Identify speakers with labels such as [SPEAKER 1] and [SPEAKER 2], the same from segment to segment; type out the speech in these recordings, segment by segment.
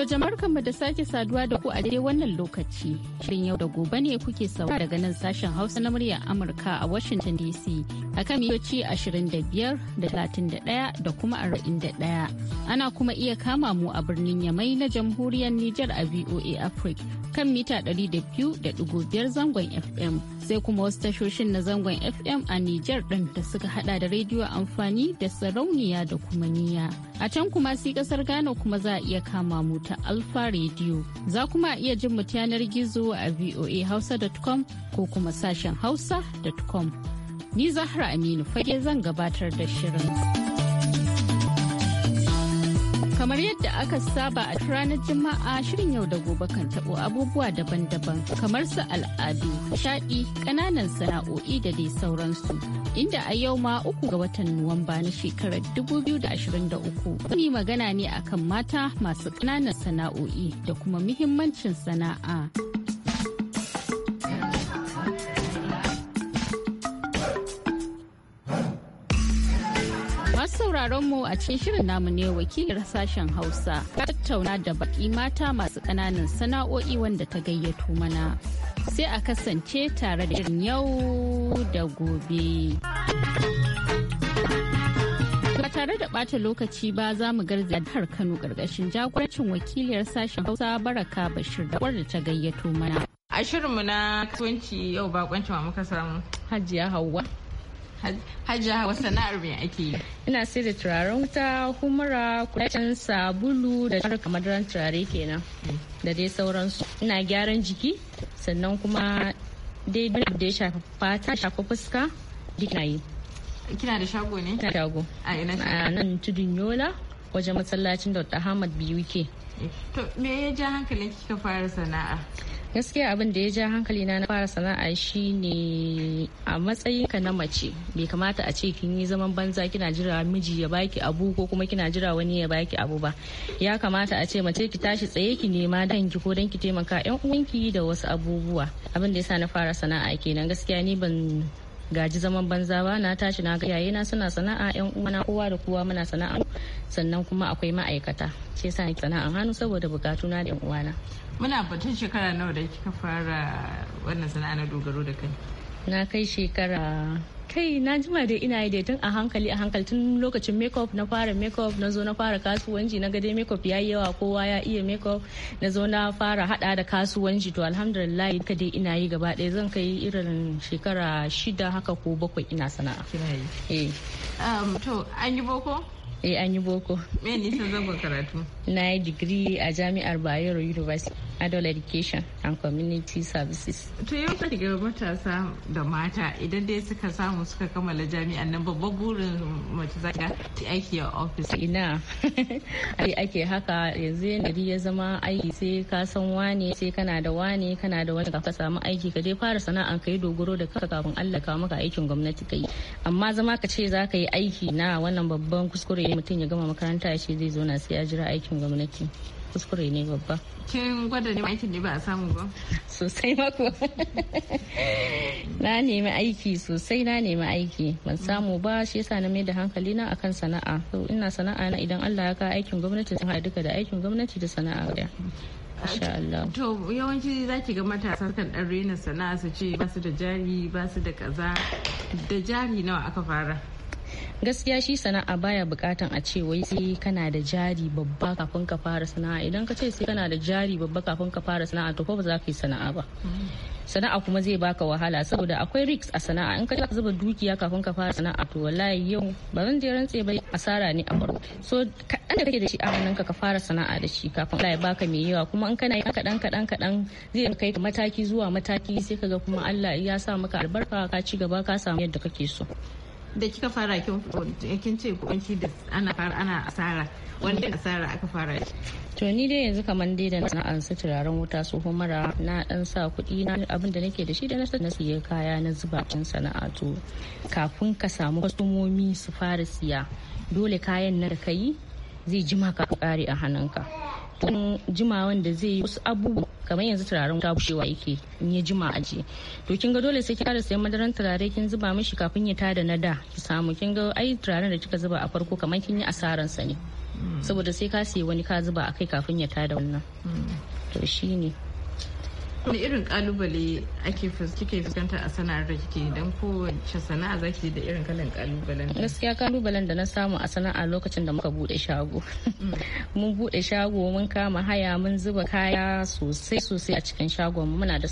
[SPEAKER 1] To jama'ar kanmu da sake saduwa da ku a dai wannan lokaci. Shirin yau da gobe ne kuke saura daga nan sashen Hausa na muryar Amurka a Washington DC akan miyoci 25 da 31 da kuma 41. Ana kuma iya kama mu a birnin Yamai na jamhuriyar Nijar a VOA Africa kan mita 200.5 zangon FM. Sai kuma wasu tashoshin na zangon FM a Nijar ɗin da suka hada da rediyo amfani da sarauniya da kuma niya. A can kuma si kasar Ghana kuma za a iya kama mu ta Alfa Radio. Za kuma iya jin mu yanar gizo a voahausa.com ko kuma sashen hausa.com. Ni Zahra Aminu fage zan gabatar da shirin. Kamar yadda aka saba a ranar Juma'a shirin yau da gobe kan tabo abubuwa daban-daban kamar su al'adu, shaɗi, ƙananan sana'o'i da dai sauransu. Inda a yau ma uku ga watan Nuwamba na shekarar da 2023 wani magana ne akan mata masu ƙananan sana'o'i da kuma muhimmancin sana'a. sauraron mu a cikin shirin namu ne wakilin sashen Hausa ta tattauna da baki mata masu ƙananan sana'o'i wanda ta gayyato mana. Sai a kasance tare da shirin yau da gobe. tare da ɓata lokaci ba za mu garzaya jihar Kano ƙarƙashin jagorancin wakiliyar sashen Hausa Baraka Bashir da da ta gayyato mana.
[SPEAKER 2] A shirinmu na kasuwanci yau bakoncin wa muka samu Hajiya Hauwa. Hajja wa sana'ar me ake yi?
[SPEAKER 3] Ina sai da turaren wuta, humura, kulacen sabulu da tarka madaran turare kenan da dai sauransu. Ina gyaran jiki sannan kuma dai da ya shafi fata, shafi fuska, duk na yi. Kina da shago ne? Ina shago. A ina shago? nan tudun Yola wajen masallacin Dr. Ahmad ke. Eh,
[SPEAKER 2] to me ya ja
[SPEAKER 3] hankalin kika fara sana'a? gaskiya abin da ya ja hankali na fara sana'a shine a matsayin ka na mace bai kamata a ce kin yi zaman banza kina jira miji ya baki abu ko kuma kina jira wani ya baki abu ba ya kamata a ce mace ki tashi tsaye ki nema ki ko dan ki taimaka yan uwanki da wasu abubuwa abin da yasa na fara sana'a kenan gaskiya ni ban gaji zaman banza ba na tashi na ga na suna sana'a yan uwana kowa da kowa muna sana'a sannan kuma akwai ma'aikata ce sa ni sana'an hannu saboda bukatuna da yan uwana
[SPEAKER 2] muna batun shekara nawa da kika fara wannan sana'a na dogaro da kai
[SPEAKER 3] na kai shekara kai na jima dai ina yi dai tun a hankali a hankali tun lokacin makeup na fara makeup na zo na fara kasuwanci na gade makeup ya yi yawa kowa ya iya makeup na zo na fara hada da kasuwanci to alhamdulillah ka dai ina yi gaba ɗaya zan kai irin shekara shida haka ko bakwai ina sana'a. yi. Eh. Um, to an yi boko? eh an yi boko
[SPEAKER 2] me nisan zangon karatu
[SPEAKER 3] na yi digiri a jami'ar bayero university adult education and community services
[SPEAKER 2] to yau ka daga matasa
[SPEAKER 3] da mata idan dai suka samu suka kammala jami'an nan babban burin mace za ta aiki a ofis. ina ai ake haka yanzu gari ya zama aiki sai ka san wane sai kana da wane kana da wani ka samu aiki ka je fara sana'a ka yi dogaro da kanka kafin Allah ka maka aikin gwamnati yi. amma zama ka ce ka yi aiki na wannan babban kuskure ne mutum ya gama makaranta shi ce zai zauna sai ya jira aikin gwamnati kuskure ne babba kin
[SPEAKER 2] gwada neman aikin ne ba a samu ba sosai mako
[SPEAKER 3] na nemi aiki sosai na nemi aiki ban samu ba shi yasa na mai da hankali na akan sana'a to ina sana'a na idan Allah ya ka aikin gwamnati sun haɗu duka da aikin gwamnati da sana'a daya
[SPEAKER 2] To yawanci za ki ga matasa kan ɗan rena sana'a su ce ba su da jari ba su da kaza da jari nawa aka fara.
[SPEAKER 3] gaskiya shi sana'a baya bukatan a ce wai sai kana da jari babba kafin ka fara sana'a idan ka ce sai kana da jari babba kafin ka fara sana'a to ko ba za ka yi sana'a ba sana'a kuma zai baka wahala saboda akwai risk a sana'a in ka zuba dukiya kafin ka fara sana'a to wallahi yau ba zan je rantse ba asara ne a farko so kaɗan da kake da shi a hannunka ka fara sana'a da shi kafin Allah ya baka mai yawa kuma in kana yin kadan kaɗan kaɗan zai kai ka mataki zuwa mataki sai kaga kuma Allah ya sa maka albarka ka ci gaba ka samu yadda kake so
[SPEAKER 2] da kika fara kin eh, ce kunci da ana fara ana asara wanda asara aka fara shi
[SPEAKER 3] to ni dai yanzu kamar dai da na su turaren wuta su mara na dan sa kuɗi na abin da nake da shi da na na siya kaya na zuba cikin sana'atu kafin ka samu kwastomomi su fara siya dole kayan nan da kai zai jima ka kare a hannunka wani jimawan da zai yi wasu abubuwa kamar yanzu turaren ta bushewa yake in ya jima a to kin ga dole sai ki kara sayan madaran turare kin zuba mishi kafin ya tada na da ki samu kin ga ai turaren da kika zuba a farko kamar kin yi asaran sa ne
[SPEAKER 2] hmm.
[SPEAKER 3] saboda sai ka sayi wani ka zuba akai kafin ya tada wannan hmm. to shine
[SPEAKER 2] wani irin kalubale ake kike fuskanta a sana'ar da kike dan kowace sana'a zaki da irin kalan kalubalen gaskiya
[SPEAKER 3] kalubalen da na samu a sana'a lokacin da muka bude shago mm. mun bude shago mun kama haya mun zuba kaya sosai sosai a cikin shagon muna da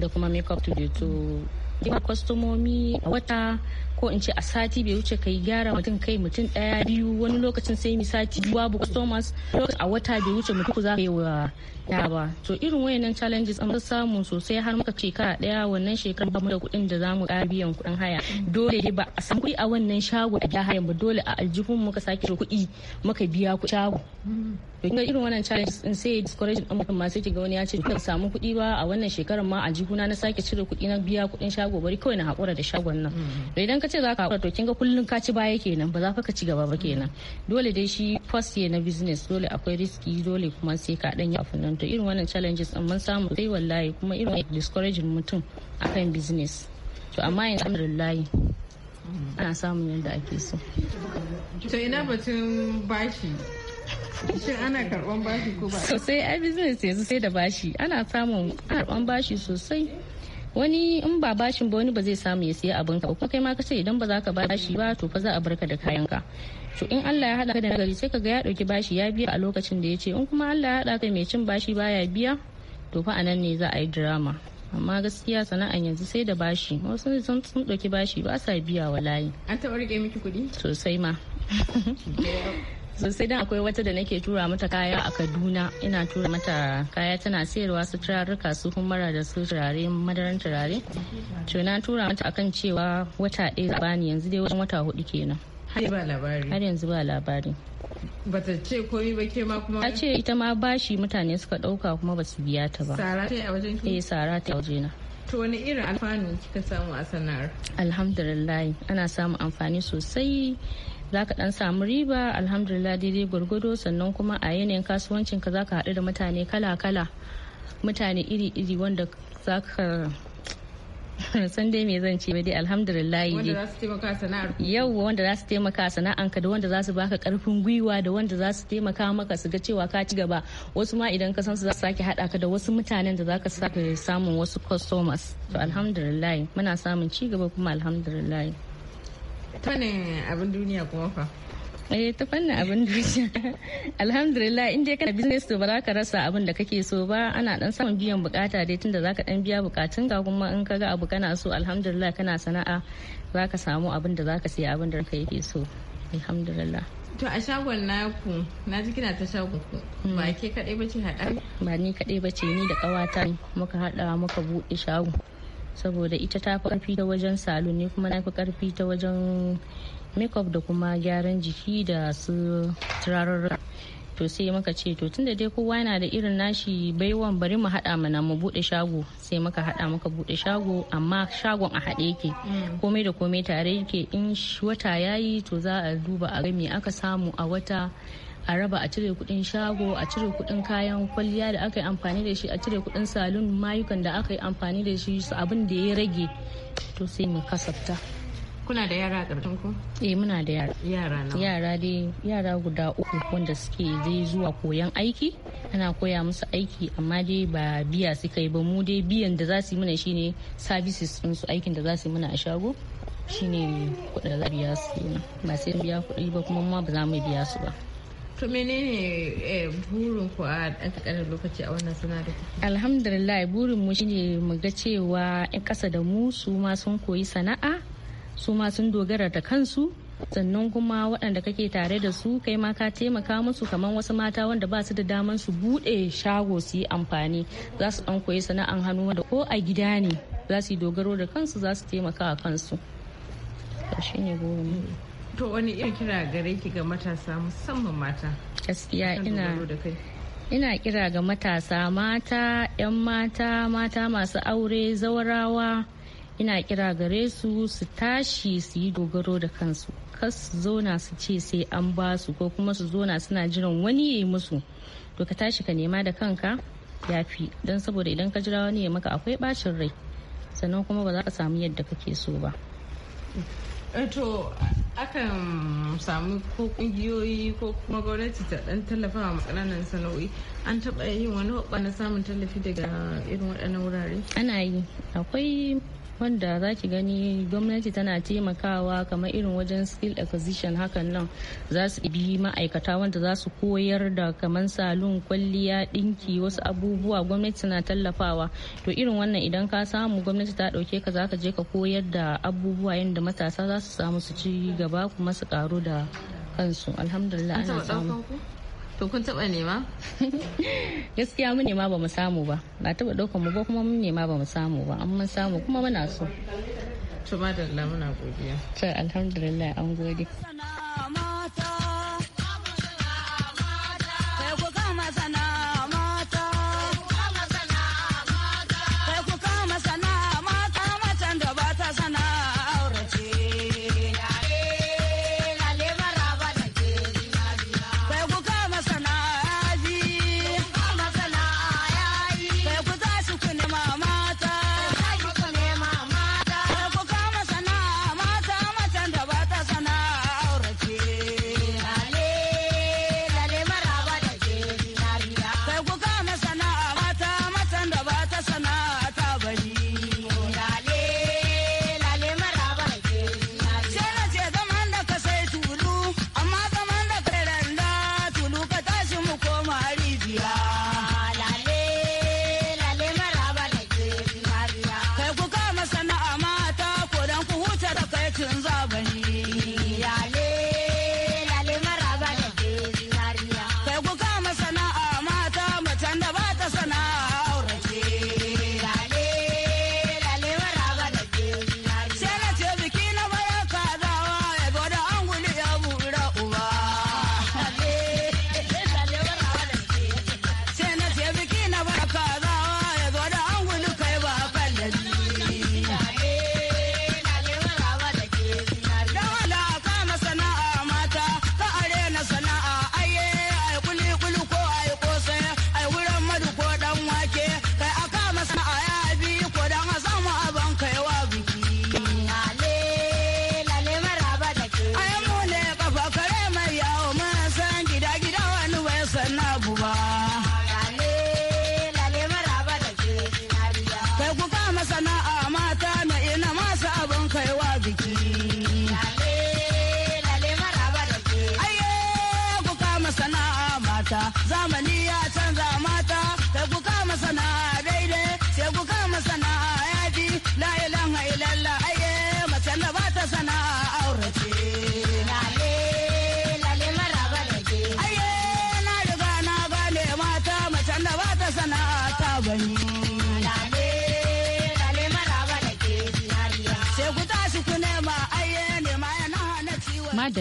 [SPEAKER 3] da kuma makeup to kwastomomi a wata ko in ce a sati bai wuce kai gyara mutum kai mutum daya biyu wani lokacin sai mi sati biyu babu customers lokacin a wata bai wuce mutum za ka yi wa ya ba to irin wayannan challenges an samu sosai har muka kara daya wannan shekara ba mu da kuɗin da zamu ga biyan kuɗin haya dole dai ba a samu kuɗi a wannan shago a haya ba dole a aljihun muka sake kuɗi muka biya ku shago to kinga irin wannan challenge din sai discouraging amma kuma sai kiga wani ya ce ban samu kuɗi ba a wannan shekarar ma a jihuna na sake cire kuɗi na biya kuɗin shago bari kawai na haƙura da shagon nan to idan ka ce za ka to kin ga kullun ka ci baya kenan ba za ka ci gaba ba kenan dole dai shi first year na business dole akwai riski dole kuma sai ka dan yi afunan to irin wannan challenges amma mun samu sai wallahi kuma irin discouraging mutum akan business to amma yanzu alhamdulillah ana samun yadda ake so
[SPEAKER 2] to ina batun bashi ana karban bashi ko ba? Sosai
[SPEAKER 3] ai business yanzu sai da bashi. Ana samun karban bashi sosai. wani in ba bashin ba wani ba zai samu ya siya abin ka kuma kai ma kace idan ba za ka bashi ba to fa za a barka da kayan ka to in Allah ya hada ka da nagari sai kaga ya dauki bashi ya biya a lokacin da ya ce in kuma Allah ya hada ka mai cin bashi baya biya to fa anan ne za a yi drama amma gaskiya sana'an yanzu sai da bashi wasu sun sun dauki bashi ba sa biya wallahi
[SPEAKER 2] an taɓa rike miki kuɗi
[SPEAKER 3] sosai ma sosai dan akwai wata da nake tura mata kaya a kaduna ina tura mata kaya tana sayarwa su turaruka su humara da su turare madaran turare to na tura mata akan cewa wata ɗaya bani yanzu dai wajen wata hudu kenan
[SPEAKER 2] har
[SPEAKER 3] yanzu ba labari
[SPEAKER 2] bata ce komi ba ke ma kuma ce
[SPEAKER 3] ita ma bashi mutane suka dauka kuma ba su biya ta ba sara ta a wajen ki eh sara ta waje na to wani irin alfanu kika samu a sana'ar alhamdulillah ana samun amfani sosai za ka dan samu riba alhamdulillah daidai gwargwado sannan kuma a yanayin kasuwancin ka za ka haɗu da mutane kala-kala mutane iri-iri wanda za ka san dai me zan ce ba dai alhamdulillah yi yau wanda za su taimaka sana'anka da wanda za su baka karfin gwiwa da wanda za su taimaka maka su ga cewa ka ci gaba wasu ma idan ka san su za su sake hada ka da wasu mutanen da za ka sake samun wasu customers to alhamdulillah muna samun ci gaba kuma alhamdulillah fannin abin duniya kuma fa eh ta fannin abin duniya alhamdulillah in dai kana business to ba za ka rasa abin da kake so ba ana dan samun biyan bukata dai tunda za ka dan biya bukatun ka kuma in ka ga abu kana so alhamdulillah kana sana'a za ka samu abin da za ka siya abin da ka yake so alhamdulillah to a shagon naku na ji kina ta shagon ku hmm. ba ke kadai bace hada ba ni kadai bace ni da kawata muka hada muka bude shagon. saboda ita ta fi karfi ta wajen salon ne kuma na fi karfi ta wajen makeup da kuma gyaran jiki da su turarurra to sai muka ce to tunda dai kowa yana da irin nashi baiwan bari mu haɗa mana mu buɗe shago sai muka haɗa maka buɗe shago amma shagon a haɗe yake mm. komai da komai tare yake in wata yayi to za a duba a ga me aka samu a wata a raba a cire kuɗin shago a cire kuɗin kayan kwalliya da aka yi amfani da shi a cire kuɗin salon mayukan da aka yi amfani da shi su abin da ya rage to sai mu kasafta
[SPEAKER 2] kuna da yara a ƙarshen ku?
[SPEAKER 3] eh muna da yara yara na yara dai yara guda uku wanda suke zai zuwa koyan aiki ana koya musu aiki amma dai ba biya suka yi ba mu dai biyan da za su yi mana shine services din su aikin da za su yi mana a shago shine kuɗin da za biya su ba sai biya kuɗi ba kuma ma ba za mu biya su ba
[SPEAKER 2] To menene eh, burin ku a ƙasar lokaci a wannan sana'a
[SPEAKER 3] Alhamdulillah burin mu shine mu ga cewa 'yan ƙasa da mu su ma sun koyi sana'a su ma sun dogara da kansu sannan kuma waɗanda kake tare da su kai ma ka taimaka musu kamar wasu mata wanda ba su da daman su buɗe shago su yi amfani za su ɗan koyi sana'an hannu wanda ko a gida ne za su yi dogaro da kansu za su taimaka a kansu.
[SPEAKER 2] to wani irin kira gare ki ga matasa musamman mata gaskiya ina
[SPEAKER 3] ina kira ga matasa mata 'yan mata mata masu aure zawarawa ina kira gare su su tashi su yi dogaro da kansu kas su zauna su ce sai an ba su ko kuma su zauna suna jiran wani ya yi musu to ka tashi ka nema da kanka ya fi don saboda idan ka jira wani ya maka akwai bacin rai sannan kuma ba za ka samu yadda kake so ba
[SPEAKER 2] Eh, to akan samu ko kungiyoyi ko kuma gwamnati ta dan tallafa wa matsalanan sana'o'i an taɓa yin wani hoɓa na samun
[SPEAKER 3] tallafi daga irin waɗannan wurare ana yi akwai wanda za ki gani gwamnati tana taimakawa kamar irin wajen skill acquisition hakan nan za su bi ma'aikata wanda za su koyar da kamar salon kwalliya dinki wasu abubuwa gwamnati tana tallafawa to irin wannan idan ka samu gwamnati ta dauke ka za ka je ka koyar da abubuwa yadda matasa za su samu su ci gaba kuma su karu da kansu alhamdulillah ana samu to kun taba nema gaskiya mun nema ba mu samu ba ba taba daukan mu ba kuma mun nema ba mu samu ba an mun samu kuma muna so
[SPEAKER 2] to madalla muna godiya
[SPEAKER 3] to alhamdulillah an gode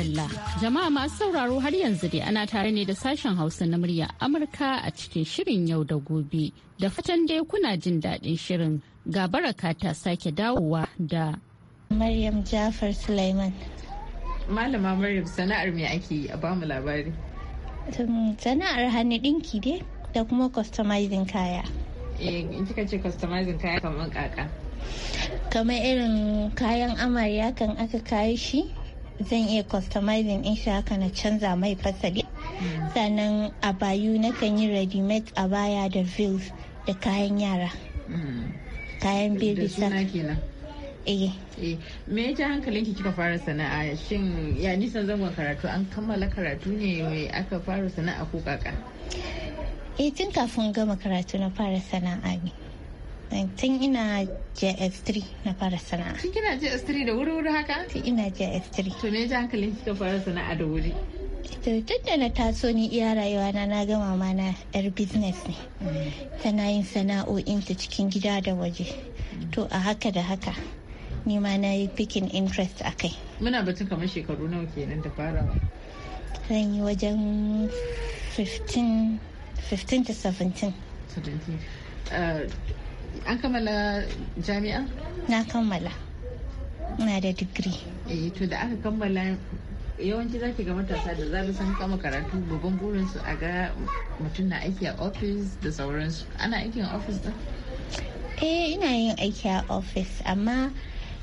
[SPEAKER 4] Madalla.
[SPEAKER 1] Jama'a masu sauraro har yanzu dai ana tare ne da sashen Hausa na murya Amurka a cikin shirin yau da gobe. Da fatan dai kuna jin daɗin shirin. Ga baraka ta sake dawowa da
[SPEAKER 5] Maryam
[SPEAKER 2] Jafar Sulaiman. Malama Maryam sana'ar me ake yi a bamu labari.
[SPEAKER 5] Sana'ar hannu ɗinki dai da kuma customizing kaya. Eh, in kika ce customizing
[SPEAKER 2] kaya kamar kaka.
[SPEAKER 5] Kamar irin kayan amarya kan aka kayi shi. zan iya customizing in shi haka na canza mai fasali hmm. sannan a bayu na kan yi ready made a baya da veils da kayan yara hmm. kayan baby sack eh. eh
[SPEAKER 2] me ya hankalinki kika fara sana'a shin ya nisan zangon karatu an kammala karatu ne mai aka fara sana'a ko kaka eh tun
[SPEAKER 5] kafin gama karatu na fara sana'a ne tun ina js3 na fara sana'a tun
[SPEAKER 2] kina js3 da wuri-wuri haka tun ina js3 to me ji hankalin kika fara sana'a da wuri
[SPEAKER 5] to da na taso ni iya rayuwa na na gama mama na yar business ne tana yin sana'o'inta cikin gida da waje to a haka da haka ni ma na yi picking interest a kai
[SPEAKER 2] muna batun kamar shekaru nawa kenan da farawa
[SPEAKER 5] zan yi wajen 15 to 17 an kammala jami'a? na kammala na da digiri
[SPEAKER 2] eh to da aka kammala yawanci za ki ga matasa da zaru sun kama karatu babban burinsu a ga mutum na aiki a ofis
[SPEAKER 5] da sauransu ana aikin ofis da? eh ina yin aiki a ofis amma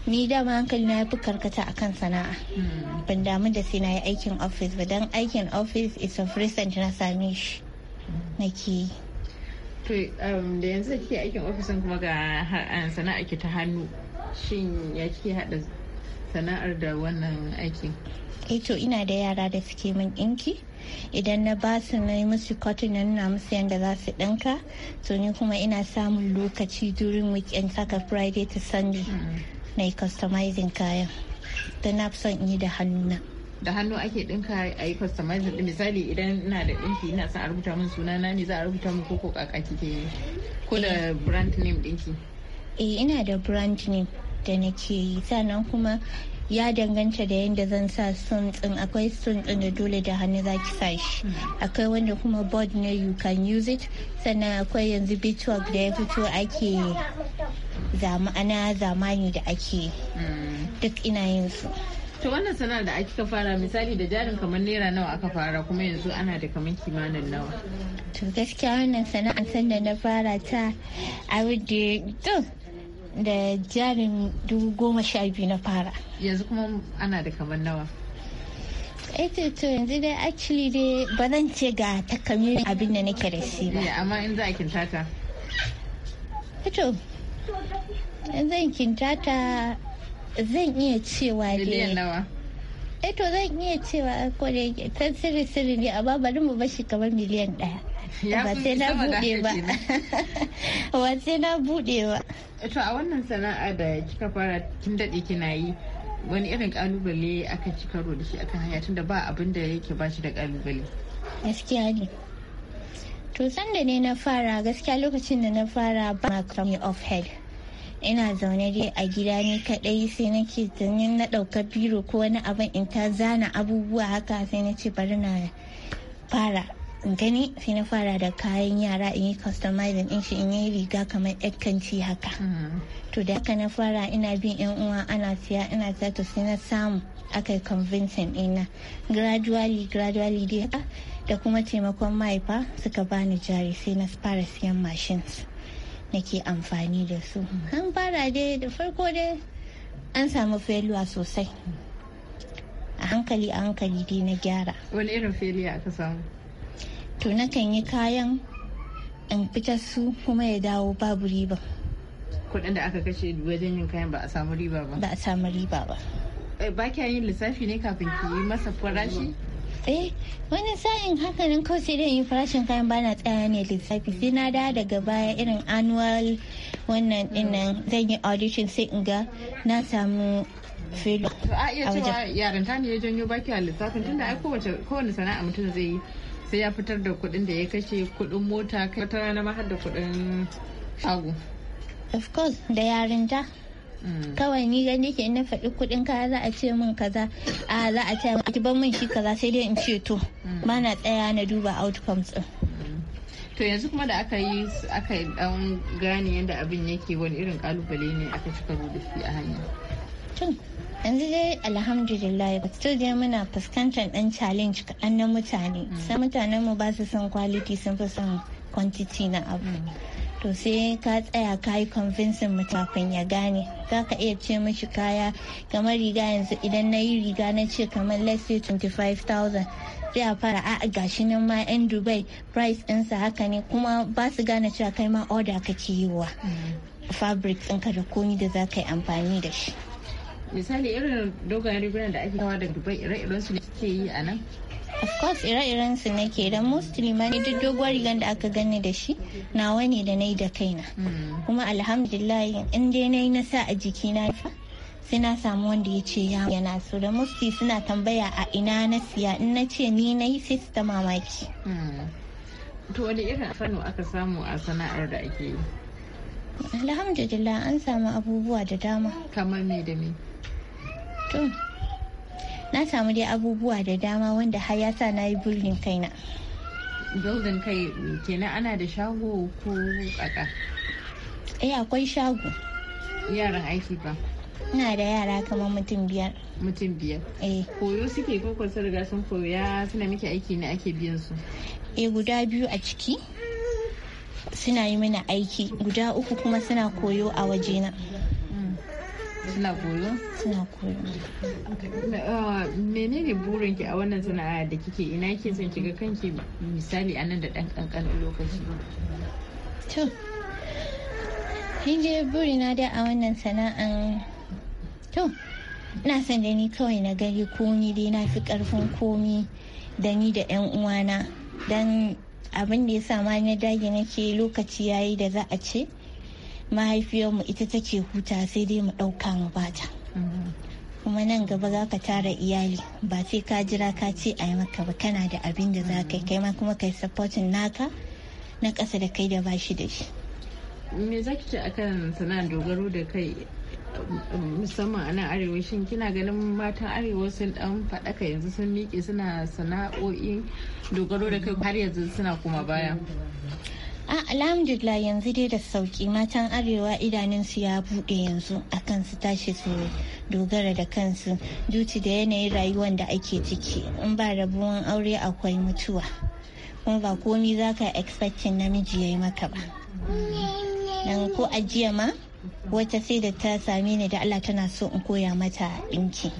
[SPEAKER 5] ni dama hankali na fi karkata akan sana'a hmm. ban damu da sai na yi aikin ofis ba don aikin ofis is a recent na same shi hmm. nake yi To um,
[SPEAKER 2] da yanzu da aikin ofisin kuma ga um, sana'a ta hannu shin ya ke haɗa sana'ar da wannan aikin?
[SPEAKER 5] Eh to ina da yara da suke min ɗinki idan na ba su na musu cotton na nuna musu yadda za su ɗinka to ni kuma ina samun lokaci durin weekend saka friday to sunday mm. na yi customizing kayan da na fi son yi da hannuna.
[SPEAKER 2] da hannu ake dinka a yi customizing din misali idan ina da dinki ina son a rubuta min sunana ne za a rubuta min koko kaka kike ko da brand name dinki
[SPEAKER 5] eh ina da brand name da nake yi sannan kuma ya danganta da yadda zan sa sun tsin akwai sun tsin da dole da hannu za ki sa shi akwai wanda kuma board ne you can use it sannan akwai yanzu bitwork da ya fito ake ana zamani da ake mm. duk ina yin su to wannan sana'ar da aka fara misali da jarin kamar naira nawa aka fara
[SPEAKER 2] kuma yanzu ana da kamar kimanin nawa
[SPEAKER 5] to gaskiya wannan sana'a sanda na fara ta a to da jarin dubu goma sha biyu na
[SPEAKER 2] fara yanzu kuma ana da kamar nawa
[SPEAKER 5] ita eh, to yanzu dai actually dai ba zan ce ga takamaiman abin da nake da shi ba eh, amma in za a kintata ito eh, in kintata zan iya cewa nawa eh to zan iya cewa ko da yake ta sirri sirri ne amma bari mu bashi kamar miliyan ɗaya ba sai na bude ba
[SPEAKER 2] ba sai na buɗe ba eh, to a wannan sana'a da kika fara kin daɗe kina yi wani irin kalubale aka ci karo da shi akan hanya tunda ba abin da yake ba shi da kalubale
[SPEAKER 5] gaskiya ne to sanda ne na fara gaskiya lokacin da na fara ba of head ina zaune dai a gida ne kadai sai nake tunanin na dauka biro ko wani abin in ta zana abubuwa haka sai na ce bari na fara gani sai na fara da kayan yara in yi customizing din shi in yi riga kamar kanti haka mm-hmm. to da haka na fara ina bin yan uwa ana siya ina siya sai na samu aka yi convincing ina gradually gradually dai ah, da kuma taimakon mahaifa suka bani jari sai na fara siyan machines nake amfani da su an fara dai da farko dai an samu failure sosai a hankali a hankali dai na gyara wani irin failure aka samu to nakan yi kayan in fita su kuma ya dawo babu riba
[SPEAKER 2] kudin da aka kashe wajen yin kayan ba a samu riba ba ba a samu riba ba eh, ba kya yin lissafi ne kafin ki yi masa
[SPEAKER 5] farashi e wani sa'in haka nan kawai sai dai farashin kayan ba na tsaya ne lissafi sai na da daga baya irin annual wannan dinnan zan yi audition sai in ga na samu filo a iya cewa
[SPEAKER 2] yarinta ne ya janyo baki a lissafin tunda ai kowace sana'a mutum zai yi sai ya fitar da kuɗin da ya kashe kuɗin mota kai ta rana ma har da kuɗin
[SPEAKER 5] shago of course da yarinta kawai ni gani ke na faɗi kuɗin ka za a ce min kaza a za a ce a ki ban min shi kaza sai dai in ce to ba na tsaya na duba outcomes din
[SPEAKER 2] to yanzu kuma da aka yi aka dan gane yadda abin yake wani irin kalubale ne aka cika da shi a hanya
[SPEAKER 5] yanzu dai alhamdulillah su dai muna fuskantar dan challenge kaɗan na mutane mm. sai mutanen mu ba su son quality sun fi son quantity na abu mm. to sai ka tsaya ka yi convincing mutakun ya gane za ka iya ce mashi kaya kamar riga yanzu idan na yi riga na ce kamar let's say 25,000 sai a fara a gashi nan ma yan dubai price ɗinsa haka ne kuma ba su gane cewa kai ma order kake yi wa fabric ɗinka da komi da za ka yi amfani da shi
[SPEAKER 2] misali irin dogayen riguna da ake kawa da dubai ire-iren su ne suke yi a nan of course
[SPEAKER 5] ire-iren su nake da mostly ma duk doguwar rigar da aka gani da shi nawa ne da nai da kaina mm. kuma alhamdulillah in dai nai na sa a jikina fa sai na samu wanda ya ce yana so da musti suna tambaya a ina na siya in na ce ni nai sai su ta mamaki mm.
[SPEAKER 2] to wani irin fano aka samu a sana'ar da ake yi
[SPEAKER 5] alhamdulillah an samu abubuwa da dama kamar me da me to na samu dai abubuwa da dama wanda har yasa na yi building kaina building kai kenan ana da shago ko kaka
[SPEAKER 2] eh akwai shago yaran aiki ba ina da yara kamar
[SPEAKER 5] mutum biyar mutum biyar eh koyo suke ko sun riga sun koya suna miki aiki ne ake biyan su eh guda biyu a ciki suna yi mana aiki guda uku kuma suna koyo a wajena suna koyo suna
[SPEAKER 4] koyo
[SPEAKER 2] uh, menene burin ki a wannan sana'a da kike ina ke son kiga kanki misali a nan da dan kankanin lokaci
[SPEAKER 5] to dai burina dai a wannan sana'an to ina son da ni kawai na gari komi dai na fi karfin komi da ni da yan uwana dan abin da ya sama na dage nake lokaci yayi da za a ce mahaifiyarmu ita take huta sai dai mu ɗauka mu bata kuma nan gaba za ka tara iyali ba sai ka jira ka ce a yi maka ba kana da abin da za ka kai ma kuma kai supportin naka na ƙasa da kai da ba shi da shi
[SPEAKER 2] me za ki ce akan sana'ar dogaro da kai musamman a nan arewa shin kina ganin matan arewa sun dan faɗaka yanzu sun miƙe suna sana'o'in dogaro da kai har yanzu suna kuma baya
[SPEAKER 5] a alhamdulillah yanzu dai da sauki matan arewa idanunsu ya bude yanzu akan su tashi su dogara da kansu duci da yanayin rayuwar da ake ciki in ba rabuwan aure akwai mutuwa kuma ba komi za ka expectin namiji ya yi maka ba dan ko ajiya ma wata sai da ta same ni da Allah tana so in koya mata ɗinki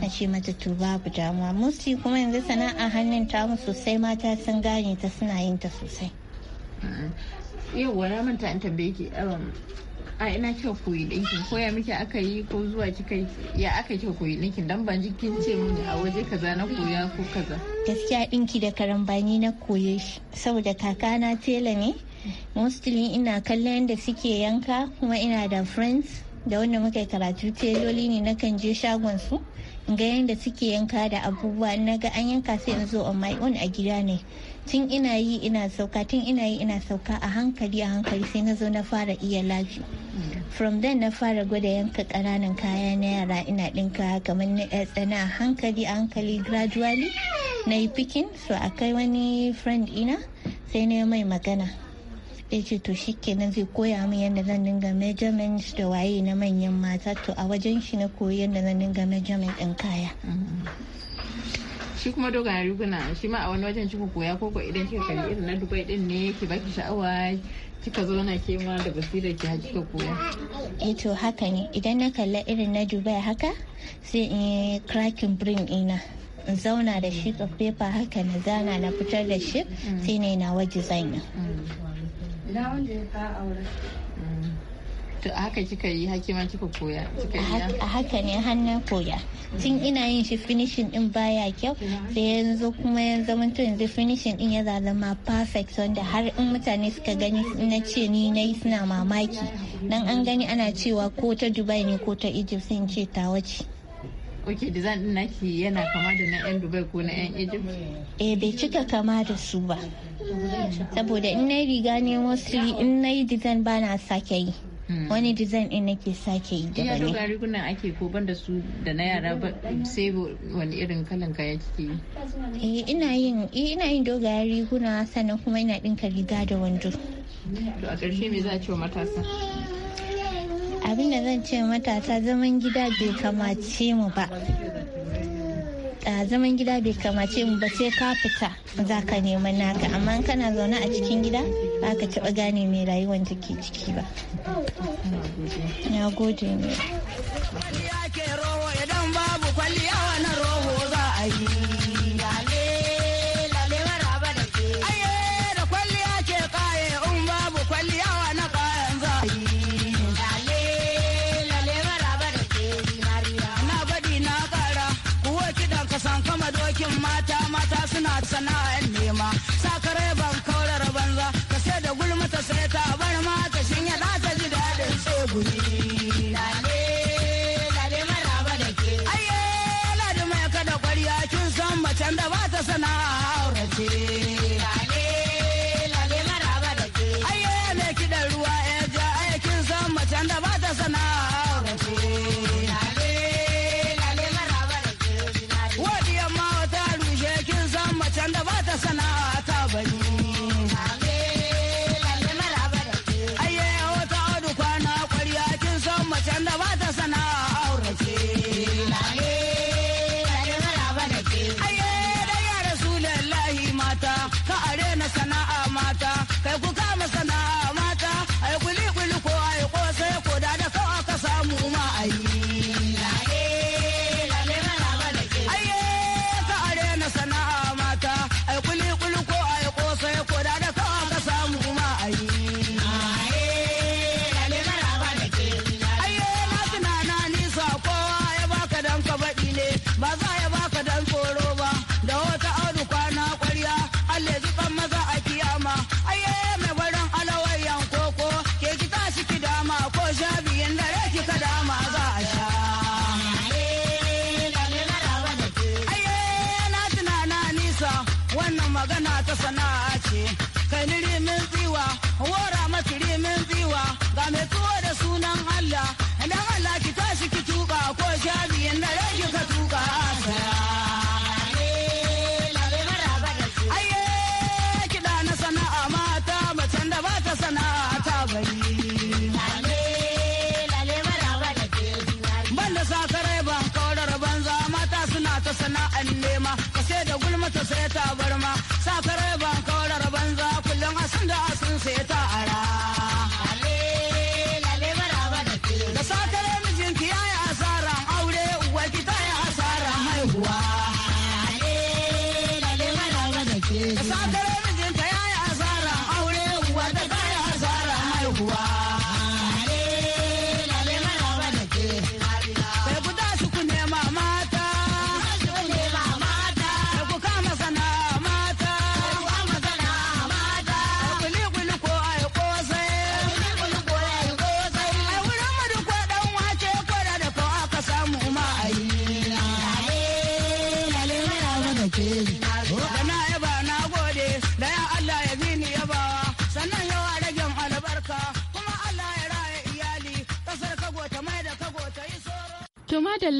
[SPEAKER 5] na ce mata to babu damuwa musu kuma yanzu sana'a hannun ta mu sosai mata sun gane ta suna yin ta sosai yauwa
[SPEAKER 2] na manta an tambaye ki um, a ina kika koyi ɗinkin ko ya miki aka yi ko zuwa kika
[SPEAKER 5] ya aka kika koyi ɗinkin dan ban ji kin ce a waje kaza na koya ko kaza gaskiya ɗinki da karambani na koye shi saboda kakana tela ne mostly ina kallon yadda suke yanka kuma ina da friends da wanda muka karatu teloli ne na kan je shagon su ga yadda suke yanka da abubuwa na ga an yanka sai in zo on my own a gida ne tun ina yi ina sauka tun ina yi ina sauka a hankali a hankali sai na zo na fara iya lafi from then na fara gwada yanka kananan kaya na yara ina dinka kamar na tsana a hankali a hankali gradually na yi pikin so akai wani friend ina sai na mai magana ya ce to shi kenan zai koya min yadda zan dinga measurements da waye na manyan mata to a wajen shi na koyi yadda zan dinga measurement ɗin kaya
[SPEAKER 2] shi kuma dogayen riguna shi ma a wani wajen kika koya koko idan kika kalli irin na dubai din ne ki baki sha'awa kika zo na ke ma da basirar ki kika koya
[SPEAKER 5] eh to haka ne idan na kalla irin na dubai haka sai in yi cracking brain ina in zauna da shi pepa haka na zana na fitar da shi mm. sai yi na waje zaina. Ina To haka kika yi hakima kika koya? A haka ne hannun koya. Tun ina yin shi finishing din baya kyau sai yanzu kuma ya zama to yanzu finishing din ya zama perfect wanda har in mutane suka gani na ce ni na yi suna mamaki. Dan an gani ana cewa ko ta Dubai ne ko ta Egypt sun ce ta wace.
[SPEAKER 2] ok design din naki yana kama da na 'yan dubai ko na 'yan egypt eh bai cika kama da su ba
[SPEAKER 5] saboda in na riga ne wasu in na yi design ba na sake yi Hmm. wani design din nake sake yi da bane ya
[SPEAKER 2] rigunan ake ko ban da su da na yara ba sai wani irin kalan kaya kike
[SPEAKER 5] yi eh ina yin eh ina yin dogayen riguna sannan kuma ina dinka riga da wando to
[SPEAKER 2] a ƙarshe me za a ce wa matasa
[SPEAKER 5] abin da zan ce matasa zaman gida bai kamace mu ba a zaman gida bai kamace mu ba sai ka fita za ka neman naka amma kana zaune a cikin gida ba ka taɓa gane mai rayuwar take ciki ba. Na gode ne.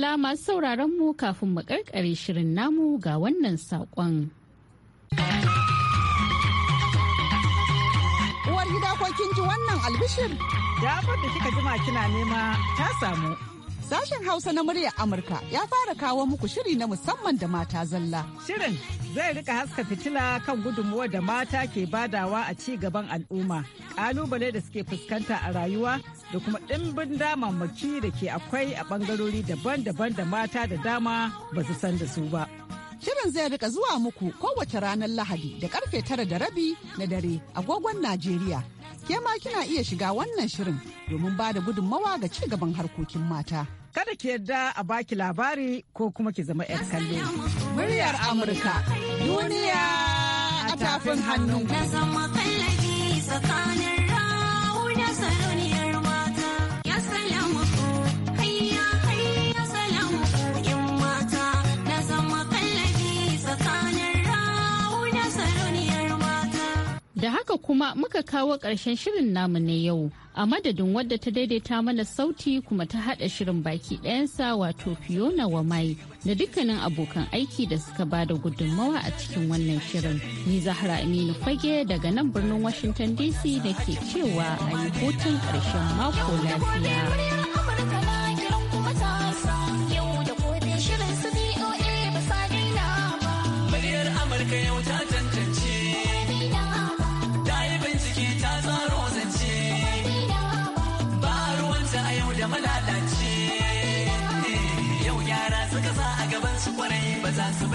[SPEAKER 1] Allah masu sauraron mu kafin mu ƙarƙare shirin namu ga wannan saƙon. Uwar gida ko kin ji wannan albishir? Da da kika jima kina nema ta samu. Sashen Hausa na muryar Amurka ya fara kawo muku shiri na musamman da mata zalla. Shirin zai rika haska fitila kan gudunmuwa da mata ke badawa a ci gaban al'umma, kalubale da suke fuskanta a rayuwa da kuma ɗimbin damammaki da ke akwai a ɓangarori daban-daban da mata da dama ba su san da su ba. Shirin zai rika zuwa muku kowace ranar Lahadi da karfe tara da rabi na dare agogon Najeriya. Ke ma kina iya shiga wannan shirin domin ba da gudunmawa ga ci gaban harkokin mata. Kada ki yarda a baki labari
[SPEAKER 4] ko kuma ki zama 'yan kallo. Muryar Amurka, duniya a tafin hannu. zama tsakanin
[SPEAKER 1] haka kuma muka kawo ƙarshen shirin namu na yau a madadin wadda ta daidaita mana sauti kuma ta haɗa shirin baki ɗayansa wato fiona wa mai da dukkanin abokan aiki da suka ba da gudunmawa a cikin wannan shirin ni zahra aminu fage daga nan birnin washington dc da ke cewa a yi hutun ƙarshen mako lafiya.
[SPEAKER 4] Amurka yau ta Cause I'm so